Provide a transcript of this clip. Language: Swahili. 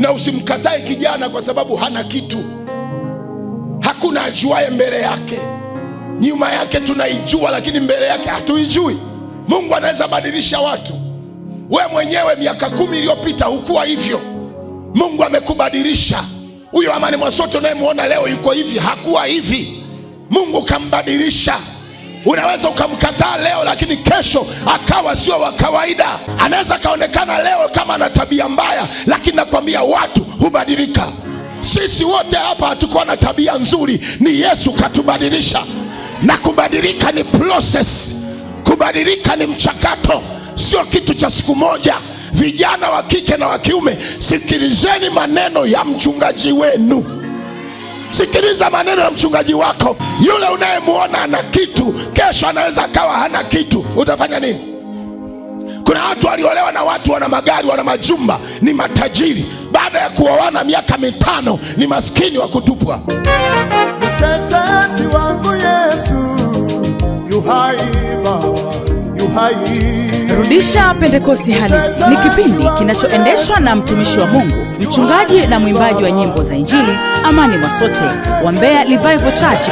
na usimkatae kijana kwa sababu hana kitu. Hakuna ajuaye mbele yake, nyuma yake tunaijua, lakini mbele yake hatuijui. Mungu anaweza badilisha watu. We mwenyewe miaka kumi iliyopita hukuwa hivyo, Mungu amekubadilisha. Huyo Amani Mwasoto unayemwona leo yuko hivi, hakuwa hivi, Mungu kambadilisha. Unaweza ukamkataa leo, lakini kesho akawa sio wa kawaida. Anaweza akaonekana leo kama ana tabia mbaya, lakini nakwambia watu hubadilika. Sisi wote hapa hatukuwa na tabia nzuri, ni Yesu katubadilisha. Na kubadilika ni process, kubadilika ni mchakato, sio kitu cha siku moja. Vijana wa kike na wa kiume, sikilizeni maneno ya mchungaji wenu sikiliza maneno ya mchungaji wako. Yule unayemwona ana kitu, kesho anaweza akawa hana kitu, utafanya nini? Kuna watu waliolewa na watu wana magari, wana majumba, ni matajiri, baada ya kuoana miaka mitano ni maskini wa kutupwa. Mtetezi wangu Yesu Baba Rudisha Pentekosti Halisi ni kipindi kinachoendeshwa na mtumishi wa Mungu, mchungaji na mwimbaji wa nyimbo za Injili Amani Mwasote wa mbea Revival Church.